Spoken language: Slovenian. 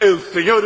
El Señor